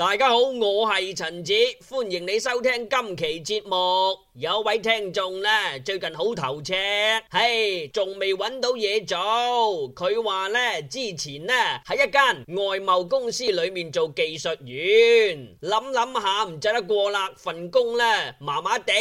大家好，我係陳子，歡迎你收聽今期節目。有位聽眾呢，最近好頭赤，唉，仲未揾到嘢做。佢話呢，之前呢喺一間外貿公司裏面做技術員，諗諗下唔值得過啦，份工呢麻麻地。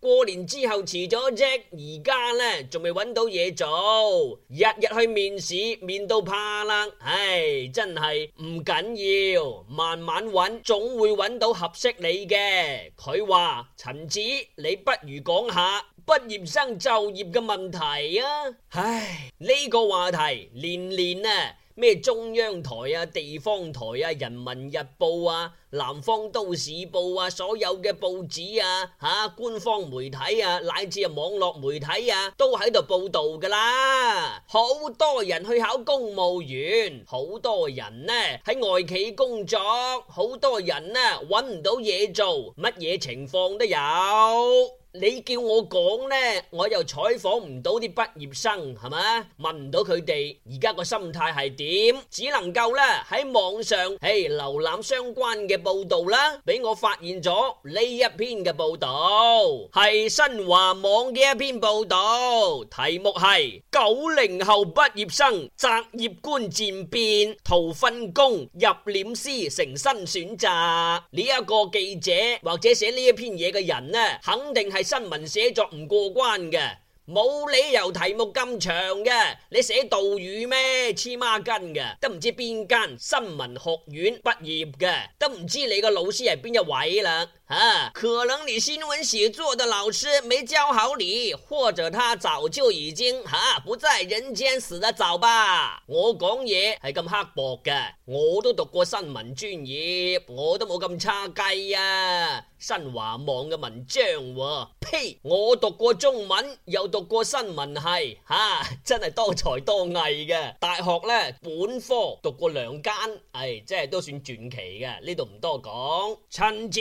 過年之後辭咗職，而家呢仲未揾到嘢做，日日去面試，面都怕啦。唉，真係唔緊要，慢慢揾，總會揾到合適你嘅。佢話陳子，你。不如講下畢業生就業嘅問題啊！唉，呢、這個話題年年啊，咩中央台啊、地方台啊、人民日報啊、南方都市報啊、所有嘅報紙啊、吓、啊、官方媒體啊，乃至啊網絡媒體啊，都喺度報道噶啦。好多人去考公務員，好多人呢喺外企工作，好多人呢揾唔到嘢做，乜嘢情況都有。你叫我講呢，我又採訪唔到啲畢業生，係咪？問唔到佢哋而家個心態係點，只能夠呢喺網上，喺瀏覽相關嘅報道啦，俾我發現咗呢一篇嘅報道，係新華網嘅一篇報道，題目係九零後畢業生擇業觀漸變，逃分工入殮師成新選擇。呢一個記者或者寫呢一篇嘢嘅人呢，肯定係。係新聞寫作唔過關嘅，冇理由題目咁長嘅，你寫導語咩？黐孖筋嘅，都唔知邊間新聞學院畢業嘅，都唔知你個老師係邊一位啦。啊，可能你新聞寫作的老師沒教好你，或者他早就已經吓、啊，不在人間，死得早吧？我講嘢係咁刻薄嘅，我都讀過新聞專業，我都冇咁差雞啊！新華網嘅文章、啊，呸，我讀過中文，又讀過新聞系，吓、啊、真係多才多藝嘅。大學呢，本科讀過兩間，誒、哎，即係都算傳奇嘅，呢度唔多講。陳子。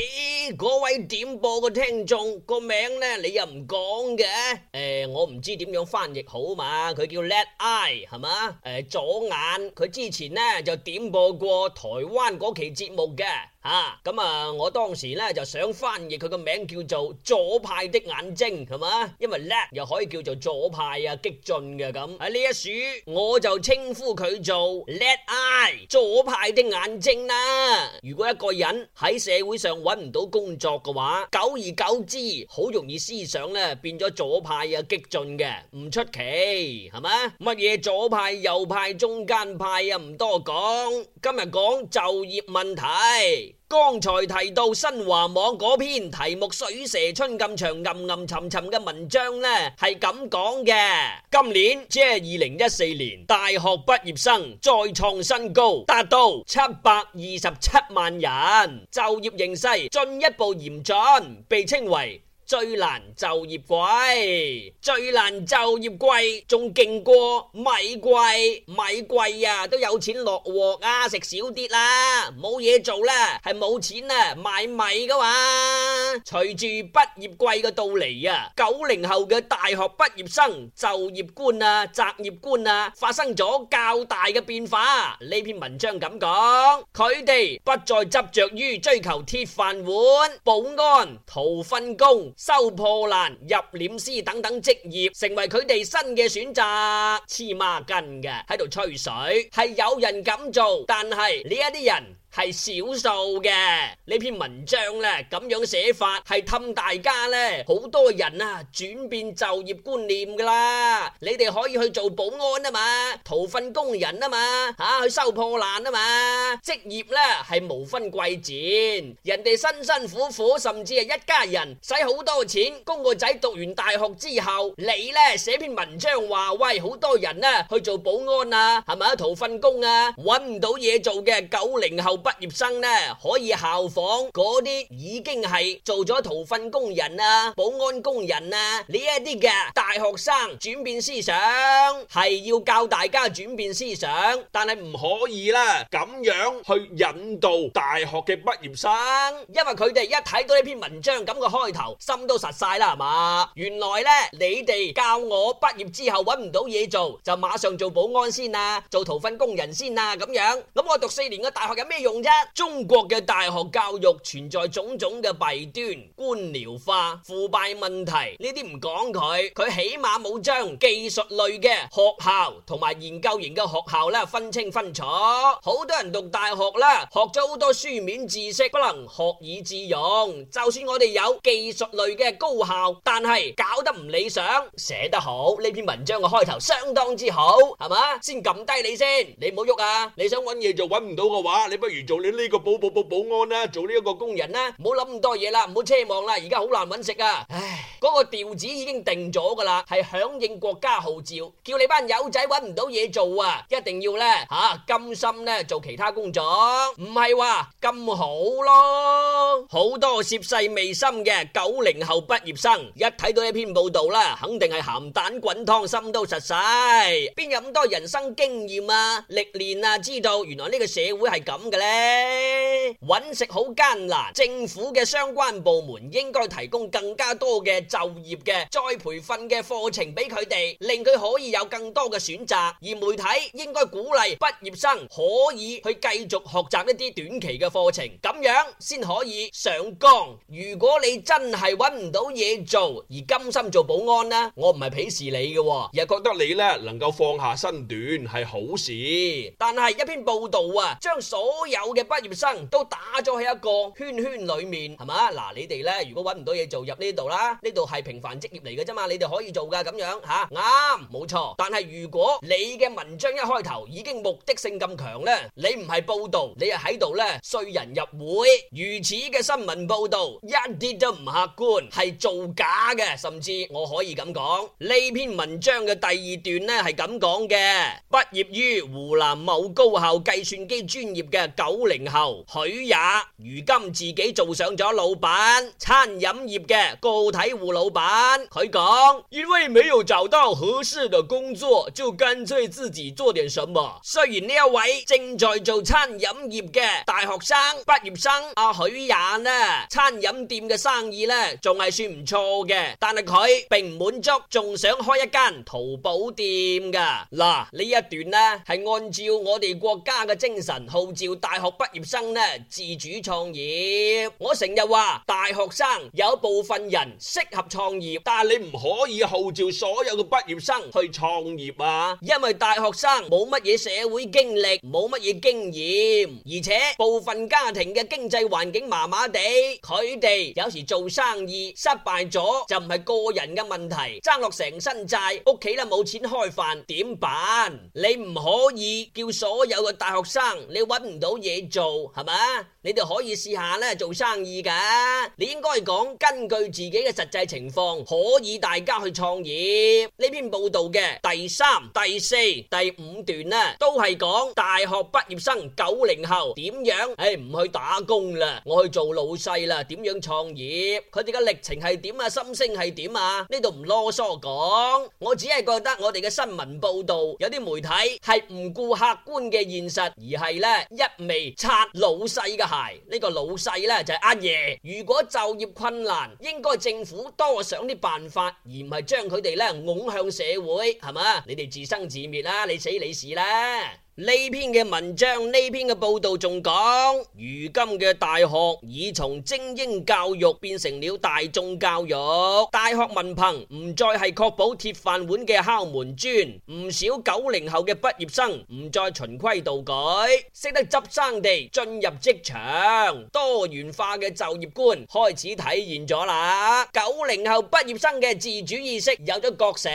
嗰位點播個聽眾個名咧，你又唔講嘅？誒、欸，我唔知點樣翻譯好嘛？佢叫 Left Eye 係嘛？誒、欸，左眼佢之前咧就點播過台灣嗰期節目嘅。啊，咁啊，我當時咧就想翻譯佢個名叫做左派的眼睛，係嘛？因為 Left 又可以叫做左派啊，激進嘅咁。喺呢一鼠，我就稱呼佢做 Left Eye 左派的眼睛啦。如果一個人喺社會上揾唔到工作嘅話，久而久之，好容易思想咧變咗左派啊，激進嘅，唔出奇，係嘛？乜嘢左派、右派、中間派啊，唔多講，今日講就業問題。剛才提到新華網嗰篇題目《水蛇春咁長》暗暗沉沉嘅文章呢係咁講嘅：今年即係二零一四年，大學畢業生再創新高，達到七百二十七萬人，就業形勢進一步嚴峻，被稱為。最難就業季，最難就業季，仲勁過米貴，米貴啊都有錢落鑊啊，食少啲啦，冇嘢做啦，係冇錢啊買米噶嘛。隨住畢業季嘅到嚟啊，九零、啊、後嘅大學畢業生就業觀啊、擇業觀啊發生咗較大嘅變化。呢篇文章咁講，佢哋不再執着於追求鐵飯碗、保安、逃份工。收破爛、入殮師等等職業，成為佢哋新嘅選擇。黐孖筋嘅喺度吹水，係有人咁做，但係呢一啲人。係少數嘅呢篇文章咧，咁樣寫法係氹大家咧，好多人啊，轉變就業觀念噶啦，你哋可以去做保安啊嘛，掏糞工人啊嘛，吓去收破爛啊嘛，職業咧，係無分貴賤，人哋辛辛苦苦甚至係一家人使好多錢供個仔讀完大學之後，你咧寫篇文章話喂，好多人咧去做保安啊，係咪啊，掏糞工啊，搵唔到嘢做嘅九零後。畢業生呢可以效仿嗰啲已經係做咗掏糞工人啊、保安工人啊呢一啲嘅大學生轉變思想，係要教大家轉變思想，但係唔可以啦，咁樣去引導大學嘅畢業生，因為佢哋一睇到呢篇文章咁嘅開頭，心都實晒啦，係嘛？原來咧，你哋教我畢業之後搵唔到嘢做，就馬上做保安先啊，做掏糞工人先啊，咁樣咁我讀四年嘅大學有咩用？用啫！中國嘅大學教育存在種種嘅弊端，官僚化、腐敗問題呢啲唔講佢，佢起碼冇將技術類嘅學校同埋研究型嘅學校咧分清分楚。好多人讀大學啦，學咗好多書面知識，不能學以致用。就算我哋有技術類嘅高校，但係搞得唔理想。寫得好，呢篇文章嘅開頭相當之好，係嘛？先撳低你先，你唔好喐啊！你想揾嘢就揾唔到嘅話，你不如。做你呢個保保保保安啦，做呢一個工人啦，唔好諗咁多嘢啦，唔好奢望啦，而家好難揾食啊！唉，嗰個調子已經定咗噶啦，係響應國家號召，叫你班友仔揾唔到嘢做啊，一定要呢吓甘心呢做其他工作，唔係話咁好咯，好多涉世未深嘅九零後畢業生，一睇到呢篇報道啦，肯定係咸蛋滾湯，心都實晒，邊有咁多人生經驗啊、歷練啊，知道原來呢個社會係咁嘅呢。搵食好艱難，政府嘅相關部門應該提供更加多嘅就業嘅再培訓嘅課程俾佢哋，令佢可以有更多嘅選擇。而媒體應該鼓勵畢業生可以去繼續學習一啲短期嘅課程，咁樣先可以上崗。如果你真係搵唔到嘢做而甘心做保安呢，我唔係鄙視你嘅，又覺得你呢能夠放下身段係好事。但係一篇報道啊，將所有。有嘅畢業生都打咗喺一個圈圈裏面，係嘛？嗱，你哋咧，如果揾唔到嘢做，入呢度啦，呢度係平凡職業嚟嘅啫嘛，你哋可以做噶咁樣吓，啱，冇錯。但係如果你嘅文章一開頭已經目的性咁強咧，你唔係報道，你係喺度咧，催人入會，如此嘅新聞報道一啲都唔客觀，係造假嘅，甚至我可以咁講，呢篇文章嘅第二段咧係咁講嘅，畢業於湖南某高校計算機專業嘅。九零後許也，如今自己做上咗老闆，餐飲業嘅個體戶老闆。佢講：因為沒有找到合適嘅工作，就乾脆自己做點什麼。雖然呢一位正在做餐飲業嘅大學生畢業生阿許、啊、也呢，餐飲店嘅生意呢仲係算唔錯嘅，但係佢並唔滿足，仲想開一間淘寶店噶。嗱、啊，呢一段呢係按照我哋國家嘅精神號召大。大學畢業生咧自主創業，我成日話大學生有部分人適合創業，但係你唔可以號召所有嘅畢業生去創業啊！因為大學生冇乜嘢社會經歷，冇乜嘢經驗，而且部分家庭嘅經濟環境麻麻地，佢哋有時做生意失敗咗就唔係個人嘅問題，爭落成身債，屋企都冇錢開飯，點辦？你唔可以叫所有嘅大學生你揾唔到嘢做係嘛？你哋可以試下咧，做生意噶，你應該講，根據自己嘅實際情況，可以大家去創業。呢篇報道嘅第三、第四、第五段呢，都係講大學畢業生九零後點樣，誒，唔去打工啦，我去做老細啦，點樣創業，佢哋嘅歷程係點啊，心聲係點啊，呢度唔囉嗦講，我只係覺得我哋嘅新聞報道有啲媒體係唔顧客觀嘅現實，而係咧一味拆老細嘅口。呢個老細呢，就係阿爺，如果就業困難，應該政府多想啲辦法，而唔係將佢哋呢拱向社會，係嘛？你哋自生自滅啦，你死你事啦。呢篇嘅文章，呢篇嘅報道仲講，如今嘅大學已從精英教育變成了大眾教育，大學文憑唔再係確保鐵飯碗嘅敲門磚，唔少九零後嘅畢業生唔再循規蹈矩，識得執生地進入職場，多元化嘅就業觀開始體現咗啦。九零後畢業生嘅自主意識有咗覺醒，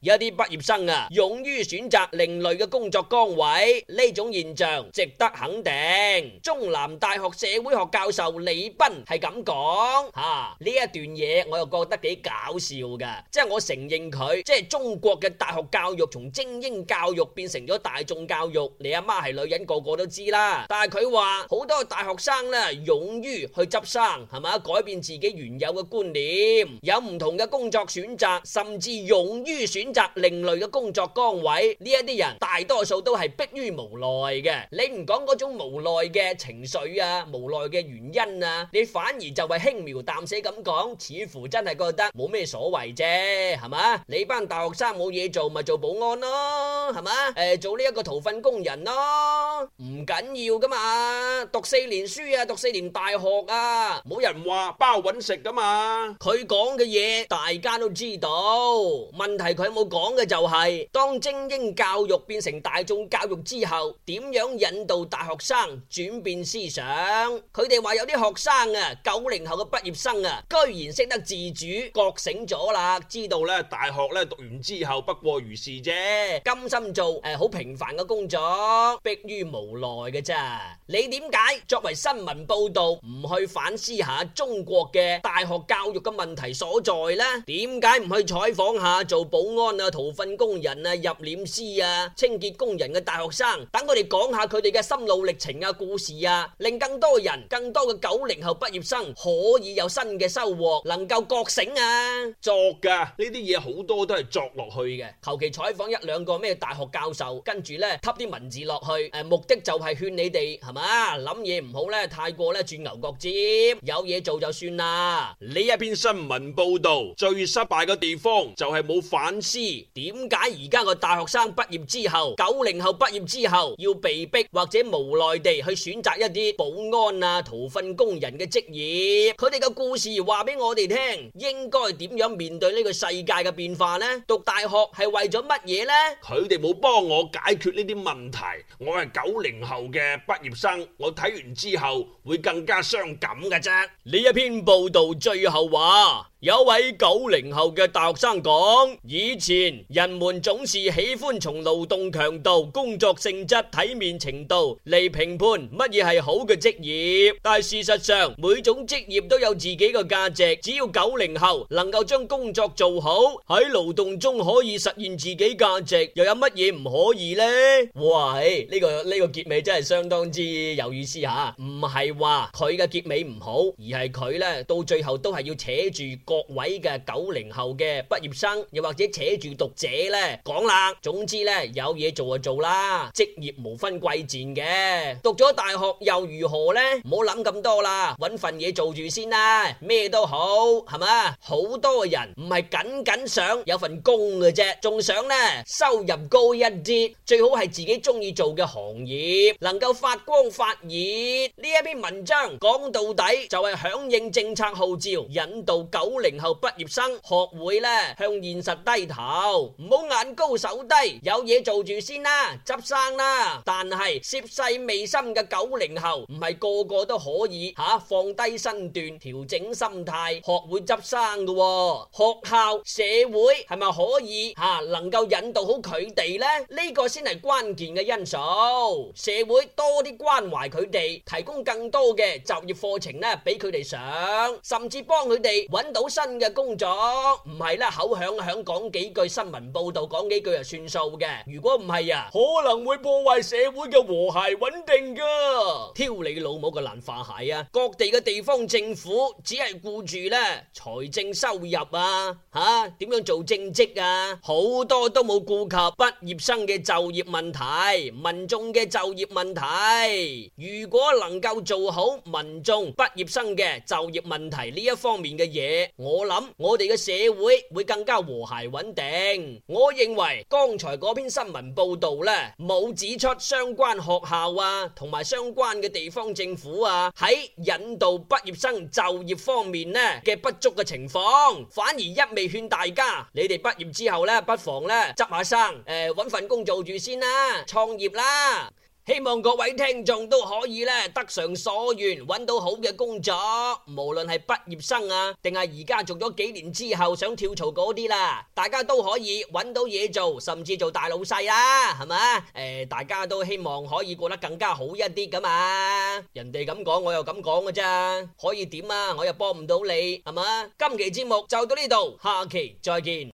有啲畢業生啊，勇於選擇另類嘅工作崗位。呢種現象值得肯定。中南大學社會學教授李斌係咁講吓，呢一段嘢，我又覺得幾搞笑噶，即係我承認佢，即係中國嘅大學教育從精英教育變成咗大眾教育，你阿媽係女人，個個都知啦。但係佢話好多大學生咧勇於去執生，係咪？改變自己原有嘅觀念，有唔同嘅工作選擇，甚至勇於選擇另類嘅工作崗位。呢一啲人大多數都係逼於無奈嘅，你唔講嗰種無奈嘅情緒啊，無奈嘅原因啊，你反而就係輕描淡寫咁講，似乎真係覺得冇咩所謂啫，係嘛？你班大學生冇嘢做咪做保安咯，係嘛？誒、呃，做呢一個掏糞工人咯，唔緊要噶嘛，讀四年書啊，讀四年大學啊，冇人話包揾食噶嘛。佢講嘅嘢大家都知道，問題佢冇講嘅就係、是，當精英教育變成大眾教育。之後點樣引導大學生轉變思想？佢哋話有啲學生啊，九零後嘅畢業生啊，居然識得自主覺醒咗啦，知道咧大學咧讀完之後不過如是啫，甘心做誒好、呃、平凡嘅工作，迫於無奈嘅啫。你點解作為新聞報道唔去反思下中國嘅大學教育嘅問題所在呢？點解唔去採訪下做保安啊、掏糞工人啊、入殮師啊、清潔工人嘅大？學生等佢哋講下佢哋嘅心路歷程啊、故事啊，令更多人、更多嘅九零後畢業生可以有新嘅收穫，能夠覺醒啊！作噶呢啲嘢好多都係作落去嘅，求其採訪一兩個咩大學教授，跟住咧吸啲文字落去，誒目的就係勸你哋係嘛諗嘢唔好咧，太過咧鑽牛角尖，有嘢做就算啦。呢一篇新聞報道最失敗嘅地方就係冇反思，點解而家個大學生畢業之後，九零後畢畢業之後要被逼，或者無奈地去選擇一啲保安啊、掏糞工人嘅職業。佢哋嘅故事話俾我哋聽，應該點樣面對呢個世界嘅變化呢？讀大學係為咗乜嘢呢？佢哋冇幫我解決呢啲問題。我係九零後嘅畢業生，我睇完之後會更加傷感嘅啫。呢一篇報道最後話，有位九零後嘅大學生講：以前人們總是喜歡從勞動強度、工作性質、體面程度嚟評判乜嘢係好嘅職業，但係事實上每種職業都有自己嘅價值。只要九零後能夠將工作做好，喺勞動中可以實現自己價值，又有乜嘢唔可以呢？哇，呢個呢個結尾真係相當之有意思吓，唔係話佢嘅結尾唔好，而係佢呢到最後都係要扯住各位嘅九零後嘅畢業生，又或者扯住讀者呢講啦。總之呢，有嘢做就做啦。職業無分貴賤嘅，讀咗大學又如何呢？唔好諗咁多啦，搵份嘢做住先啦，咩都好係咪？好多人唔係僅僅想有份工嘅啫，仲想呢收入高一啲，最好係自己中意做嘅行業，能夠發光發熱。呢一篇文章講到底就係響應政策號召，引導九零後畢業生學會呢向現實低頭，唔好眼高手低，有嘢做住先啦，執生啦，但係涉世未深嘅九零後唔係個個都可以吓放低身段、調整心態、學會執生噶。學校、社會係咪可以吓能夠引導好佢哋呢？呢個先係關鍵嘅因素。社會多啲關懷佢哋，提供更多嘅就業課程咧，俾佢哋上，甚至幫佢哋搵到新嘅工作。唔係咧口響響講幾句新聞報道，講幾句就算數嘅。如果唔係啊，好。能會破壞社會嘅和諧穩定噶，挑你老母個爛化蟹啊！各地嘅地方政府只係顧住咧財政收入啊，吓點樣做政績啊？好多都冇顧及畢業生嘅就業問題，民眾嘅就業問題。如果能夠做好民眾畢業生嘅就業問題呢一方面嘅嘢，我諗我哋嘅社會會更加和諧穩定。我認為剛才嗰篇新聞報道咧。冇指出相關學校啊，同埋相關嘅地方政府啊，喺引導畢業生就業方面呢嘅不足嘅情況，反而一味勸大家：你哋畢業之後呢，不妨呢執下生，誒、呃，搵份工做住先啦，創業啦。希望各位聽眾都可以咧得償所願，揾到好嘅工作，無論係畢業生啊，定係而家做咗幾年之後想跳槽嗰啲啦，大家都可以揾到嘢做，甚至做大老細啦，啊，係咪？誒、呃，大家都希望可以過得更加好一啲噶嘛。人哋咁講，我又咁講噶咋？可以點啊？我又幫唔到你，係嘛？今期節目就到呢度，下期再見。